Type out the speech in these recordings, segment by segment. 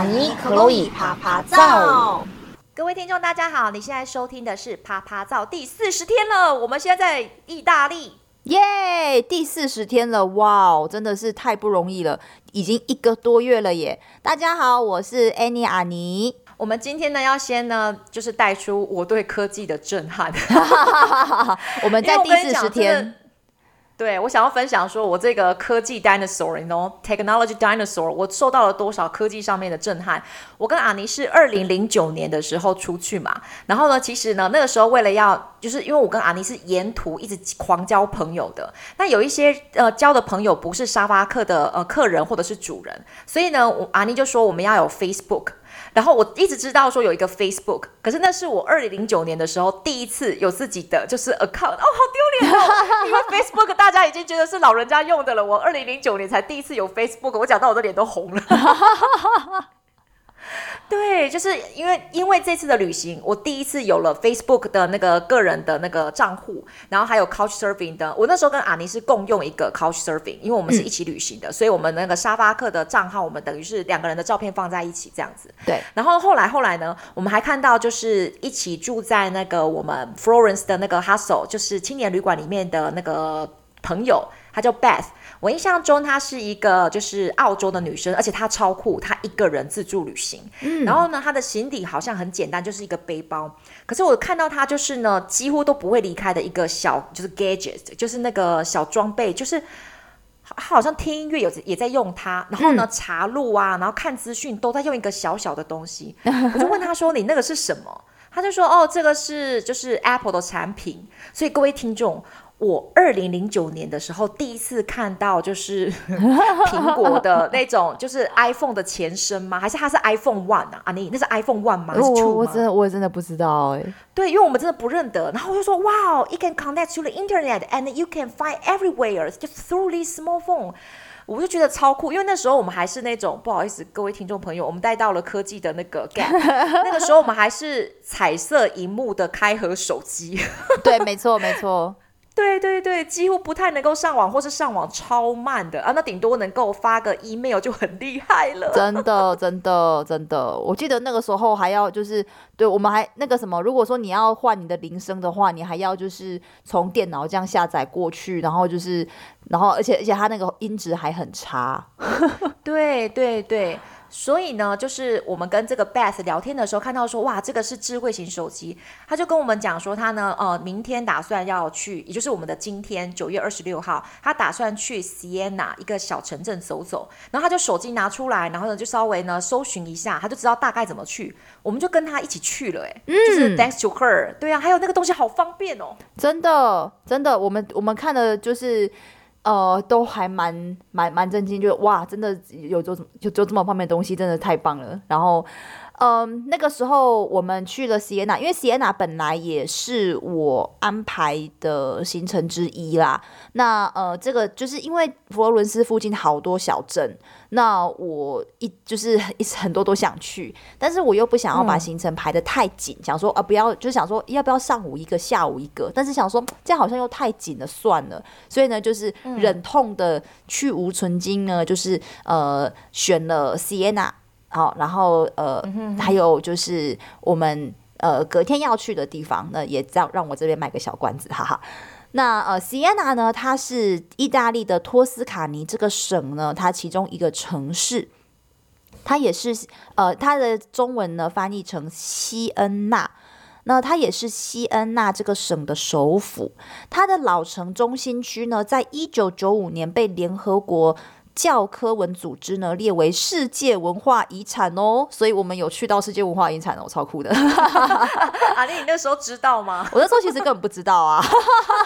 阿尼克洛伊趴趴造。各位聽眾，大家好，你現在收聽的是趴趴造第四十天了。我們現在在意大利，耶、yeah，第四十天了，哇，真的是太不容易了，已經一個多月了耶。大家好，我是 Annie 阿尼。我們今天呢，要先呢，就是帶出我對科技的震撼。 我們在我第四十天。對，我想要分享，說我這個科技 dinosaur 喏 you know，technology dinosaur，我受到了多少科技上面的震撼？我跟阿尼是二零零九年的時候出去嘛，然後呢，其實呢，那個時候為了要，就是因為我跟阿尼是沿途一直狂交朋友的，那有一些呃交的朋友不是沙發客的呃客人或者是主人，所以呢，阿尼就說我們要有 Facebook。然後我一直知道說有一個 Facebook，可是那是我二零零九年的時候第一次有自己的就是 account 哦，好丟臉啊、哦！ 因為 Facebook 大家已經覺得是老人家用的了，我二零零九年才第一次有 Facebook，我講到我的臉都紅了。 對，就是因為因為這次的旅行，我第一次有了 Facebook 的那個個人的那個賬戶，然後還有 Couchsurfing 的，我那時候跟阿尼是共用一個 Couchsurfing，因為我們是一起旅行的，嗯、所以我們那個沙發客的賬號，我們等於是兩個人的照片放在一起這樣子。對，然後後來後來呢，我們還看到就是一起住在那個我們 Florence 的那個 hostel 就是青年旅館裡面的那個朋友，他叫 Beth。我印象中她是一個就是澳洲的女生，而且她超酷，她一個人自助旅行。嗯、然後呢，她的行李好像很簡單，就是一個背包。可是我看到她就是呢，幾乎都不會離開的一個小就是 gadgets，就是那個小裝備，就是她好像聽音樂有也在用它，然後呢、嗯、查路啊，然後看資訊都在用一個小小的東西。我就問他說：“你那個是什麼？” 他就說：“哦，這個是就是 Apple 的產品。”所以各位聽眾。我二零零九年的時候第一次看到，就是蘋 果的那種，就是 iPhone 的前身嗎？還是它是 iPhone One 啊？啊，阿尼，那是 iPhone One 嗎，嗎？我真的，我也真的不知道哎、欸。對，因為我們真的不認得。然後我就說：“哇 you can connect to the internet and you can find everywhere just through this small phone。”我就覺得超酷，因為那時候我們還是那種不好意思，各位聽眾朋友，我們帶到了科技的那個 gap。 那個時候我們還是彩色螢幕的開合手機。 對，沒錯，沒錯。對對對，幾乎不太能夠上網，或是上網超慢的啊，那頂多能夠發個 email 就很厲害了。真的，真的，真的。我記得那個時候還要就是，對我們還那個什麼，如果說你要換你的鈴聲的話，你還要就是從電腦這樣下載過去，然後就是，然後而且而且它那個音質還很差。對 對對。對對所以呢，就是我們跟這個 Beth 聊天的時候，看到說，哇，這個是智慧型手機，他就跟我們講說，他呢，呃，明天打算要去，也就是我們的今天九月二十六號，他打算去 Siena 一個小城鎮走走，然後他就手機拿出來，然後呢，就稍微呢搜尋一下，他就知道大概怎麼去，我們就跟他一起去了。欸，哎，嗯，就是 thanks to her，對呀，啊，還有那個東西好方便哦，真的，真的，我們我們看的就是。呃，都還蠻蠻蠻震驚，就哇，真的有做，就做這麼方便的東西，真的太棒了。然後。嗯，那個時候我們去了錫耶納，因為錫耶納本來也是我安排的行程之一啦。那呃，這個就是因為佛羅倫斯附近好多小鎮，那我一就是一直很多都想去，但是我又不想要把行程排得太緊，嗯，想說啊、呃、不要，就想說要不要上午一個下午一個，但是想說這樣好像又太緊了，算了。所以呢，就是忍痛的、嗯、去蕪存菁呢，就是呃選了錫耶納好、哦，然後呃、嗯哼哼，還有就是我們呃隔天要去的地方，那也讓讓我這邊賣個小關子，哈哈。那呃，Siena 呢，它是意大利的托斯卡尼這個省呢，它其中一個城市，它也是呃，它的中文呢翻譯成西恩納。那它也是西恩納這個省的首府。它的老城中心區呢，在一九九五年被聯合國教科文組織呢列為世界文化遺產哦，所以我們有去到世界文化遺產哦，超酷的。阿 尼、 啊，你那時候知道嗎？ 我那時候其實根本不知道啊，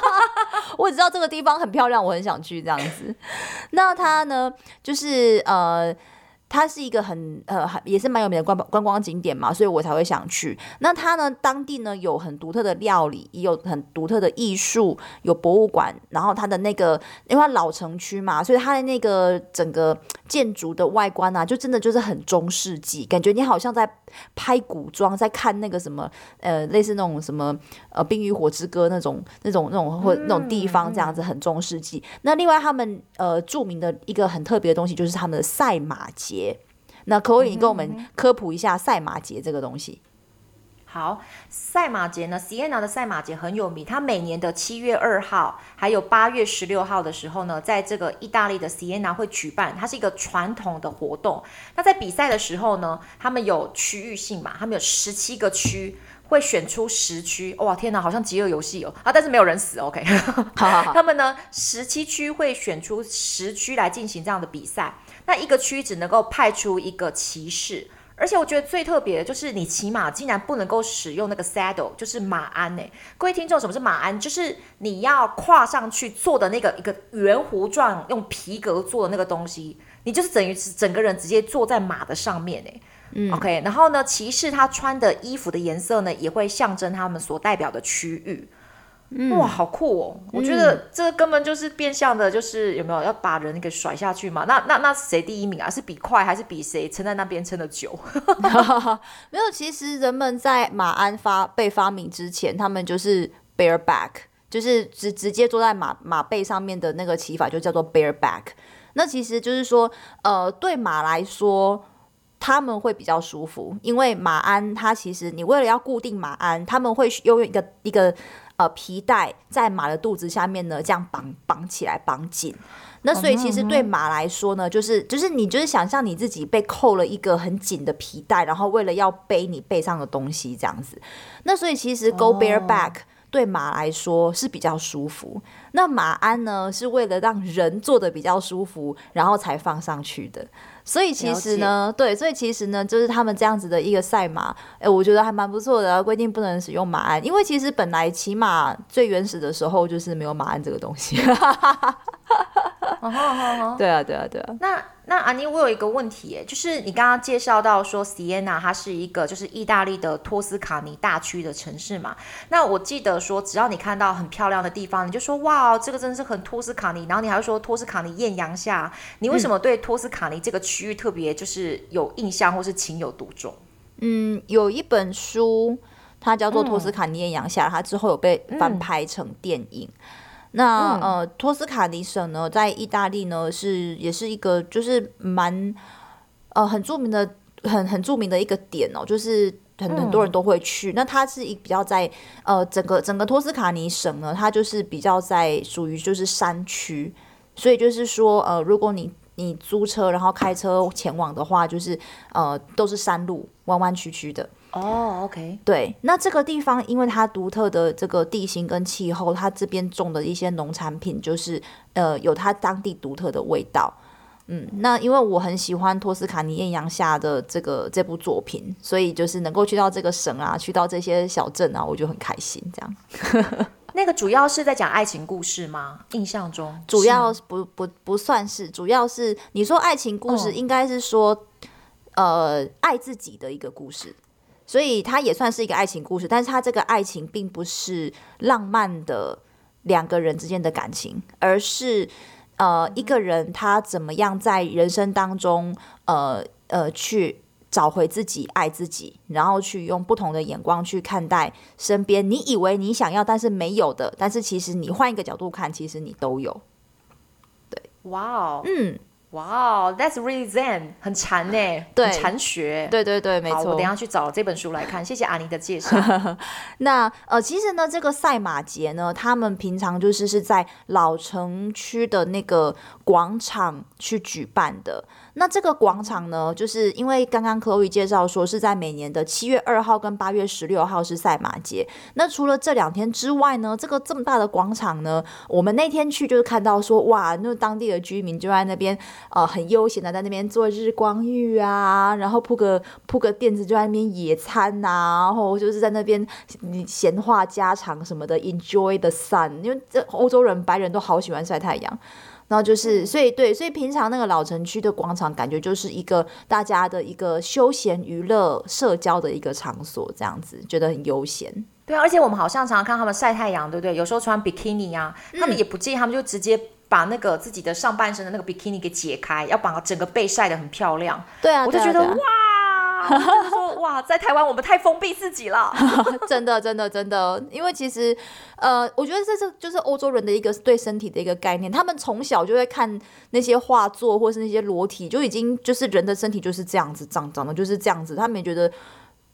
我只知道這個地方很漂亮，我很想去這樣子。 那它呢，就是呃。它是一個很呃，也是蠻有名的觀，觀光景點嘛，所以我才會想去。那它呢，當地呢，有很獨特的料理，也有很獨特的藝術，有博物館，然後它的那個，因為它老城區嘛，所以它的那個整個。建築的外觀啊，就真的就是很中世紀，感覺你好像在拍古裝，在看那個什麼，呃，類似那種什麼，呃，《冰與火之歌》那種、那種、那種或那種地方這樣子，很中世紀、嗯嗯。那另外，他們呃著名的一個很特別的東西，就是他們的賽馬節。那可不可以你跟我們科普一下賽馬節這個東西？嗯嗯嗯好，賽馬節呢，西 n a 的賽馬節很有名，它每年的七月二號還有八月十六號的時候呢，在這個意大利的西 n a 會舉辦。它是一個傳統的活動。那在比賽的時候呢，他們有區域性嘛，他們有十七個區會選出十區。哇，天哪，好像《飢餓遊戲哦》哦啊！但是沒有人死，OK 好好好。他們呢，十七區會選出十區來進行這樣的比賽。那一個區只能夠派出一個騎士。而且我覺得最特別的就是，你騎馬竟然不能夠使用那個 saddle，就是馬鞍耶。各位聽眾，什麼是馬鞍？就是你要跨上去坐的那個一個圓弧狀用皮革做的那個東西，你就是等於是整個人直接坐在馬的上面耶。嗯，OK。然後呢，騎士他穿的衣服的顏色呢，也會象徵他們所代表的區域。嗯、哇，好酷哦！我覺得這根本就是變相的，就是、嗯、有沒有要把人給甩下去嘛？那那那誰第一名啊？是比快還是比誰撐在那邊撐的久？ 沒有，其實人們在馬鞍發被發明之前，他們就是 bare back，就是直直接坐在馬馬背上面的那個騎法就叫做 bare back。那其實就是說，呃，對馬來說他們會比較舒服，因為馬鞍它其實你為了要固定馬鞍，他們會用一個一個。呃，皮帶在馬的肚子下面呢，這樣綁綁起來，綁緊。那所以其實對馬來說呢，就是就是你就是想象你自己被扣了一個很緊的皮帶，然後為了要背你背上的東西這樣子。那所以其實 go bareback 對馬來說是比較舒服。那馬鞍呢，是為了讓人坐得比較舒服，然後才放上去的。所以其實呢，對，所以其實呢，就是他們這樣子的一個賽馬，哎，我覺得還蠻不錯的啊。規定不能使用馬鞍，因為其實本來騎馬最原始的時候就是沒有馬鞍這個東西。哈哈哈哈哈！對啊，對啊，對啊。那。那阿尼，我有一個問題，欸，就是你剛剛介紹到說，Siena 它是一個就是意大利的托斯卡尼大區的城市嘛？那我記得說，只要你看到很漂亮的地方，你就說哇，這個真是很托斯卡尼，然後你還會說托斯卡尼豔陽下，你為什麼對托斯卡尼這個區域特別就是有印象或是情有獨鍾？嗯，有一本書，它叫做《托斯卡尼豔陽下》，它之後有被翻拍成電影。那、嗯、呃，托斯卡尼省呢，在意大利呢是也是一個就是蠻呃很著名的很很著名的一個點哦，就是很、嗯、很多人都會去。那它是一比較在呃整個整個托斯卡尼省呢，它就是比較在屬於就是山區，所以就是說呃，如果你你租車然後開車前往的話，就是呃都是山路彎彎曲曲的。哦，oh，OK，對，那這個地方因為它獨特的這個地形跟氣候，它這邊種的一些農產品就是，呃，有它當地獨特的味道。嗯，那因為我很喜歡托斯卡尼艷陽下的這個這部作品，所以就是能夠去到這個省啊，去到這些小鎮啊，我就很開心。這樣， 那個主要是在講愛情故事嗎？印象中，主要不不不算是，主要是你說愛情故事，應該是說，oh. 呃，愛自己的一個故事。所以它也算是一個愛情故事，但是它這個愛情並不是浪漫的兩個人之間的感情，而是呃一個人他怎麼樣在人生當中呃呃去找回自己、愛自己，然後去用不同的眼光去看待身邊你以為你想要但是沒有的，但是其實你換一個角度看，其實你都有。對，哇哦，嗯。Wow that's really zen 很禪呢，對禪學。對對對，對，沒錯。我等一下去找這本書來看，謝謝阿妮的介紹。 那呃，其實呢，這個賽馬節呢，他們平常就是是在老城區的那個廣場去舉辦的。那這個廣場呢，就是因為剛剛 Chloe 介紹說是在每年的七月二號跟八月十六號是賽馬節。那除了這兩天之外呢，這個這麼大的廣場呢，我們那天去就是看到說，哇，那當地的居民就在那邊呃很悠閒的在那邊做日光浴啊，然後鋪個鋪個墊子就在那邊野餐啊，然後就是在那邊閒話家常什麼的，enjoy the sun，因為這歐洲人白人都好喜歡曬太陽。然後就是，所以對，所以平常那個老城區的廣場，感覺就是一個大家的一個休閒娛樂、社交的一個場所，這樣子覺得很悠閒。對啊，而且我們好像常常看他們曬太陽，對不對？有時候穿比基尼啊，他們也不介意，他們就直接把那個自己的上半身的那個比基尼給解開，要把整個背曬得很漂亮。對啊，對啊我就覺得、啊啊、哇。 說：“哇，在台灣我們太封閉自己了， 真的，真的，真的。因為其實，呃，我覺得這是就是歐洲人的一個對身體的一個概念，他們從小就會看那些畫作或是那些裸體，就已經就是人的身體就是這樣子長長的，就是這樣子。他們也覺得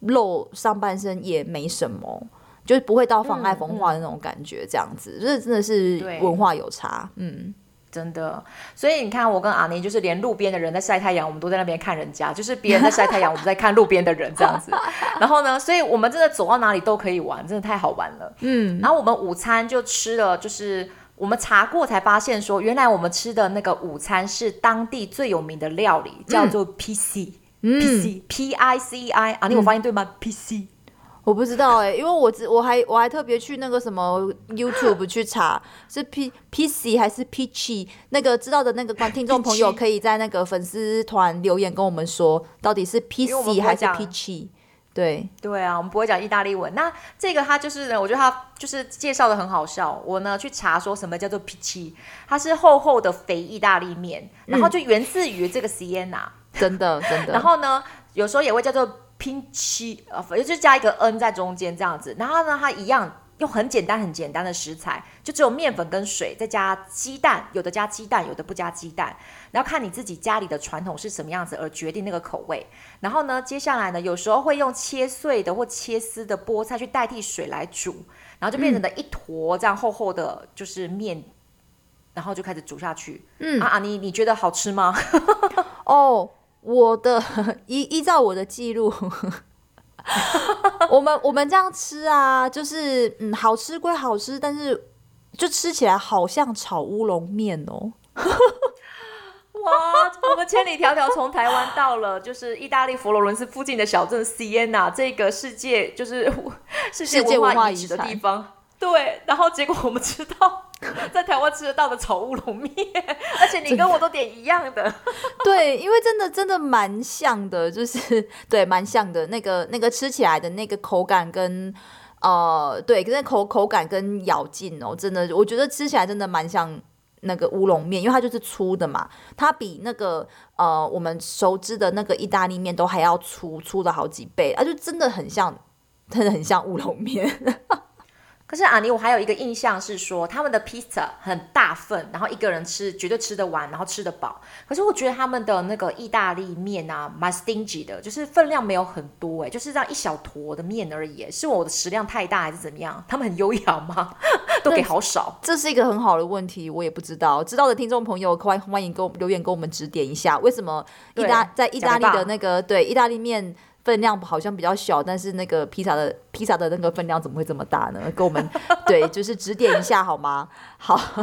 露上半身也沒什麼，就是不會到妨礙風化的那種感覺，這樣子。這、嗯嗯就是、真的是文化有差，嗯。”真的，所以你看，我跟阿尼就是連路邊的人在曬太陽，我們都在那邊看人家，就是別人在曬太陽，我們在看路邊的人這樣子。 然後呢，所以我們真的走到哪裡都可以玩，真的太好玩了。嗯，然後我們午餐就吃了，就是我們查過才發現說，原來我們吃的那個午餐是當地最有名的料理，叫做 Pici，Pici、嗯嗯、Pici, P I C I，阿尼，我發音對嗎、嗯、？Pici。我不知道哎、欸，因為我知，我還我還特別去那個什麼 YouTube 去查是 P P C 還是 Pici 那個知道的那個觀聽眾朋友可以在那個粉絲團留言跟我們說到底是 P C 還是 Pici 對對啊，我們不會講意大利文。那這個他就是呢我覺得他就是介紹得很好笑。我呢去查說什麼叫做 Pici，它是厚厚的肥意大利麵、嗯，然後就源自於這個 Siena，真的真的。真的 然後呢，有時候也會叫做。Pici，呃，反正就加一個 n 在中間這樣子，然後呢，它一樣用很簡單很簡單的食材，就只有麵粉跟水，再加雞蛋，有的加雞蛋，有的不加雞蛋，然後看你自己家裡的傳統是什麼樣子而決定那個口味。然後呢，接下來呢，有時候會用切碎的或切絲的菠菜去代替水來煮，然後就變成了一坨這樣厚厚的，就是麵，然後就開始煮下去。嗯啊，你你覺得好吃嗎？哦、 oh.。我的依依照我的記錄， 我們我們這樣吃啊，就是嗯好吃歸好吃，但是就吃起來好像炒烏龍麵哦。哇， 我們千里迢迢從台灣到了 就是意大利佛羅倫斯附近的小鎮 Siena 這個世界就是世界文化遺址的地方。對，然後結果我們知道。 在台灣吃得到的炒烏龍麵， 而且你跟我都點一樣的。 對，因為真的真的蠻像的，就是對，蠻像的，那個那個吃起來的那個口感跟呃，對，可是口口感跟咬勁哦、喔，真的我覺得吃起來真的蠻像那個烏龍麵，因為它就是粗的嘛，它比那個呃我們熟知的那個意大利麵都還要粗粗了好幾倍，啊就真的很像，真的很像烏龍麵。可是阿尼，我還有一個印象是說，他們的披薩很大份，然後一個人吃絕對吃得完，然後吃得飽。可是我覺得他們的那個意大利面啊，蠻 stingy 的，就是分量沒有很多哎、欸，就是這樣一小坨的面而已、欸。是我的食量太大還是怎麼樣？他們很優雅嗎？都給好少。 這是一個很好的問題，我也不知道。知道的聽眾朋友可歡迎給我們留言給我們指點一下，為什麼意大在意大利的那個對意大利麵？分量好像比較小，但是那個披薩的披薩的那個分量怎麼會這麼大呢？給我們，對，就是指點一下好嗎？ 好。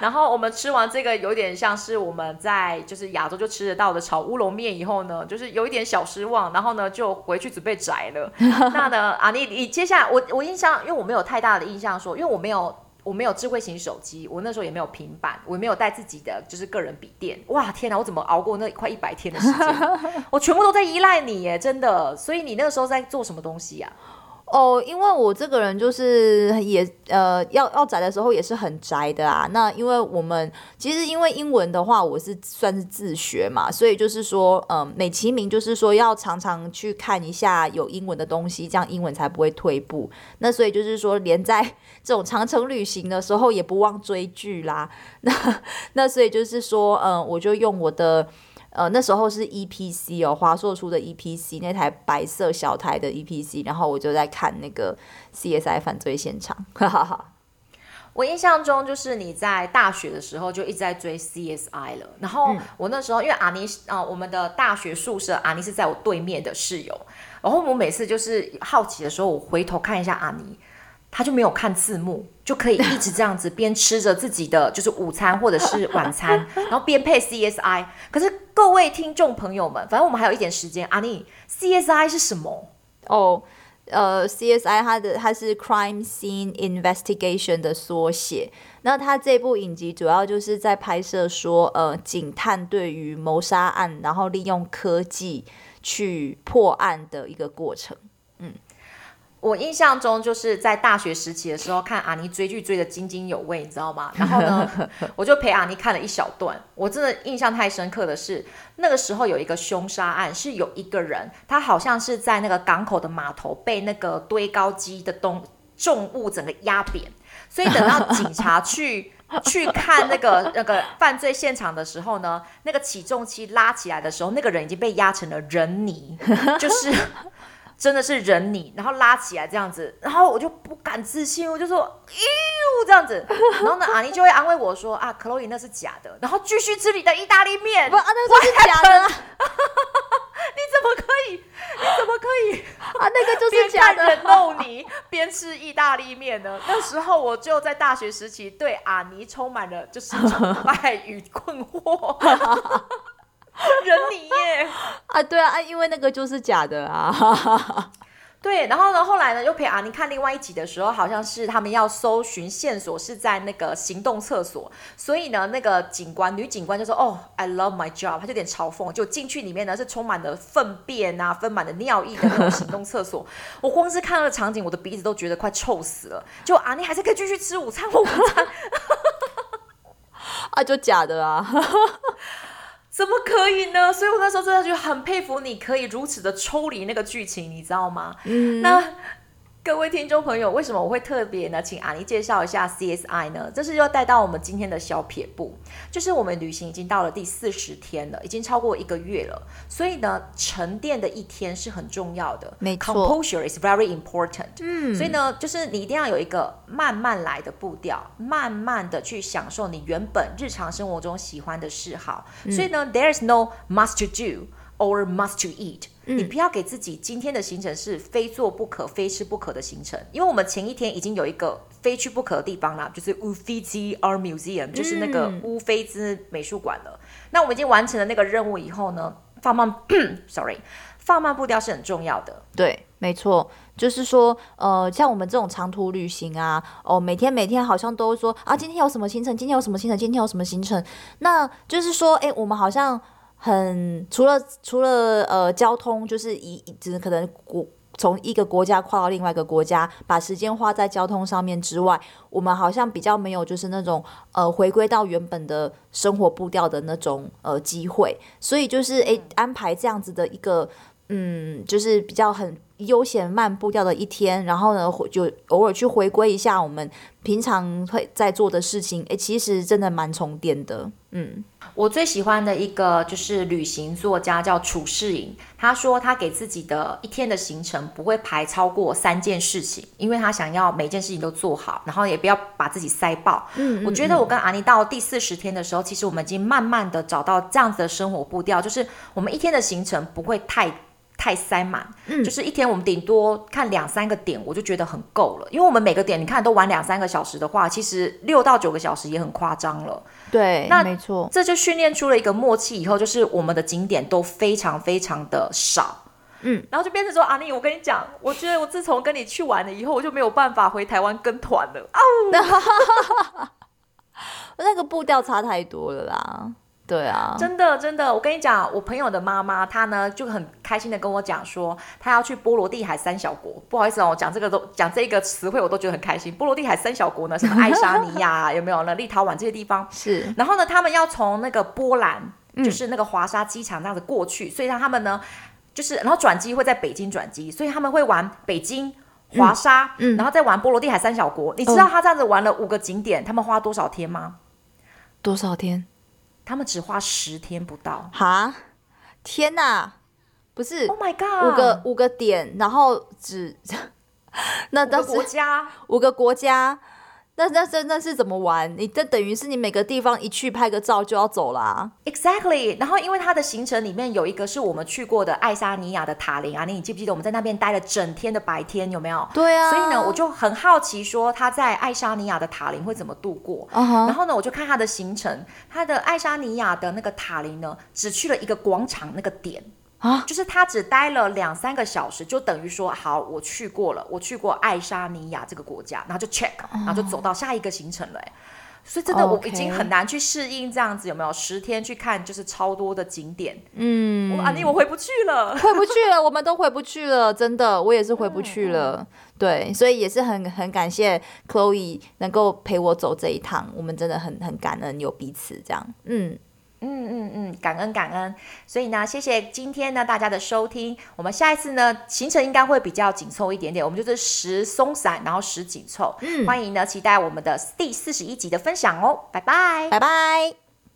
然後我們吃完這個，有點像是我們在就是亞洲就吃得到的炒烏龍面以後呢，就是有一點小失望，然後呢就回去準備宅了。 那呢，阿尼、啊、你你接下來我我印象，因為我沒有太大的印象說，因為我沒有。我沒有智慧型手機，我那時候也沒有平板，我也沒有帶自己的，就是個人筆電。哇，天哪，我怎麼熬過那快一百天的時間？ 我全部都在依賴你耶，真的。所以你那個時候在做什麼東西呀、啊？哦，因為我這個人就是也呃，要要宅的時候也是很宅的啊。那因為我們其實因為英文的話，我是算是自學嘛，所以就是說，嗯，美其名就是說要常常去看一下有英文的東西，這樣英文才不會退步。那所以就是說，連在這種長程旅行的時候，也不忘追劇啦。那那所以就是說，嗯，我就用我的。呃，那時候是 EPC 哦，華碩出的 EPC 那台白色小台的 EPC，然後我就在看那個 CSI 犯罪現場，哈哈哈。我印象中就是你在大學的時候就一直在追 CSI 了，然後我那時候、嗯、因為阿尼啊、呃，我們的大學宿舍阿尼是在我對面的室友，然後我每次就是好奇的時候，我回頭看一下阿尼。他就沒有看字幕，就可以一直這樣子邊吃着自己的就是午餐或者是晚餐， 然後邊配 CSI。可是各位聽眾朋友們，反正我們還有一點時間。阿尼，CSI 是什麼？哦，呃，CSI 它的它是 Crime Scene Investigation 的縮寫。那它這部影集主要就是在拍攝說，呃，警探對於謀殺案，然後利用科技去破案的一個過程。我印象中就是在大學時期的時候看阿尼追劇追得津津有味，你知道嗎？然後呢，我就陪阿尼看了一小段。我真的印象太深刻的是，那個時候有一個兇殺案，是有一個人，他好像是在那個港口的碼頭被那個堆高機的東重物整個壓扁，所以等到警察去 去看那個那個犯罪現場的時候呢，那個起重機拉起來的時候，那個人已經被壓成了人泥，就是。真的是忍你，然後拉起來這樣子，然後我就不敢置信，我就說喲、呃、這樣子，然後呢阿尼就會安慰我說 啊克洛伊，Chloe, 那是假的，然後繼續吃你的意大利麵，不啊那個、是假的， 你怎麼可以，你怎麼可以 啊那個就是假的，弄你 邊吃意大利麵呢？ 那時候我就在大學時期對阿尼充滿了就是崇拜與困惑。 人你耶啊，對啊啊，因為那個就是假的啊。 對，然後呢，後來呢，又陪阿妮看另外一集的時候，好像是他們要搜尋線索，是在那個行動廁所。所以呢，那個警官女警官就說：“哦、oh,，I love my job。”她就有點嘲諷，就進去裡面呢是充滿了糞便啊、分滿了尿液的那種、個、行動廁所。 我光是看到的場景，我的鼻子都覺得快臭死了。就阿妮、啊、還是可以繼續吃午餐或午餐 啊，就假的啊。 怎麼可以呢？所以我那時候真的就很佩服你可以如此的抽離那個劇情，你知道嗎？嗯，那。各位聽眾朋友，為什麼我會特別呢？請阿尼介紹一下 CSI 呢？這是要帶到我們今天的小撇步，就是我們旅行已經到了第四十天了，已經超過一個月了，所以呢，沉澱的一天是很重要的。沒錯，Composure is very important。嗯，所以呢，就是你一定要有一個慢慢來的步調，慢慢的去享受你原本日常生活中喜歡的嗜好。嗯，所以呢，There's no must to do or must to eat。你不要給自己今天的行程是非做不可、非吃不可的行程，因為我們前一天已經有一個非去不可的地方啦，就是烏菲茲藝術博物館，就是那個烏菲茲美術館了。那我們已經完成了那個任務以後呢，放慢 ，sorry，放慢步調是很重要的。對，沒錯，就是說，呃，像我們這種長途旅行啊，哦，每天每天好像都說啊，今天有什麼行程，今天有什麼行程，今天有什麼行程，那就是說，哎、欸，我們好像。很除了除了呃交通就是一一直可能國從一個國家跨到另外一個國家，把時間花在交通上面之外，我們好像比較沒有就是那種呃回歸到原本的生活步調的那種呃機會，所以就是哎、欸、安排這樣子的一個嗯就是比較很。悠閒慢步調的一天，然後呢，回就偶爾去回歸一下我們平常會在做的事情。哎、欸，其實真的蠻充電的。嗯，我最喜歡的一個就是旅行作家叫褚士瑩，他說他給自己的一天的行程不會排超過三件事情，因為他想要每件事情都做好，然後也不要把自己塞爆。嗯，我覺得我跟阿尼到第四十天的時候，嗯，其實我們已經慢慢的找到這樣子的生活步調，就是我們一天的行程不會太。太塞滿，嗯，就是一天我們頂多看兩三個點，我就覺得很夠了。因為我們每個點你看都玩兩三個小時的話，其實六到九個小時也很誇張了。對，那沒錯，這就訓練出了一個默契。以後就是我們的景點都非常非常的少，嗯，然後就變成說，阿尼，我跟你講，我覺得我自從跟你去玩了以後，我就沒有辦法回台灣跟團了、哦、 那個步調差太多了啦。對啊，真的真的，我跟你講，我朋友的媽媽她呢就很開心的跟我講說，她要去波羅的海三小國。不好意思哦，我講這個都講這個詞彙我都覺得很開心。波羅的海三小國呢，什麼愛沙尼亞 有沒有呢？立陶宛這些地方是。然後呢，他們要從那個波蘭，就是那個華沙機場這樣子過去，嗯、所以讓他們呢，就是然後轉機會在北京轉機，所以他們會玩北京、華沙、嗯嗯，然後再玩波羅的海三小國。哦、你知道他這樣子玩了五個景點，他們花多少天嗎？多少天？他們只花十天不到，哈！天哪，不是？Oh my god！五個五個點，然後只 那都是五個國家，五個國家。那那，那，是那是怎麼玩？你這等於是你每個地方一去拍個照就要走了啊，Exactly。然後因為他的行程裡面有一個是我們去過的愛沙尼亞的塔林啊，你，你記不記得我們在那邊待了整天的白天有沒有？對啊。所以呢，我就很好奇說他在愛沙尼亞的塔林會怎麼度過。Uh-huh. 然後呢，我就看他的行程，他的愛沙尼亞的那個塔林呢，只去了一個廣場那個點。啊、huh？就是他只待了兩三個小時，就等於說好，我去過了，我去過愛沙尼亞這個國家，然後就 check，然後就走到下一個行程了，oh. 所以真的、okay. 我已經很難去適應這樣子，有沒有？十天去看就是超多的景點，嗯，哦、阿尼，我回不去了，回不去了， 我們都回不去了，真的，我也是回不去了，嗯、對，所以也是很很感謝 Chloe 能夠陪我走這一趟，我們真的很很感恩有彼此這樣，嗯。嗯嗯嗯，感恩感恩，所以呢，謝謝今天呢大家的收聽。我們下一次呢行程應該會比較緊湊一點點，我們就是時鬆散，然後時緊湊。嗯，歡迎呢期待我們的第四十一集的分享哦，拜拜拜拜。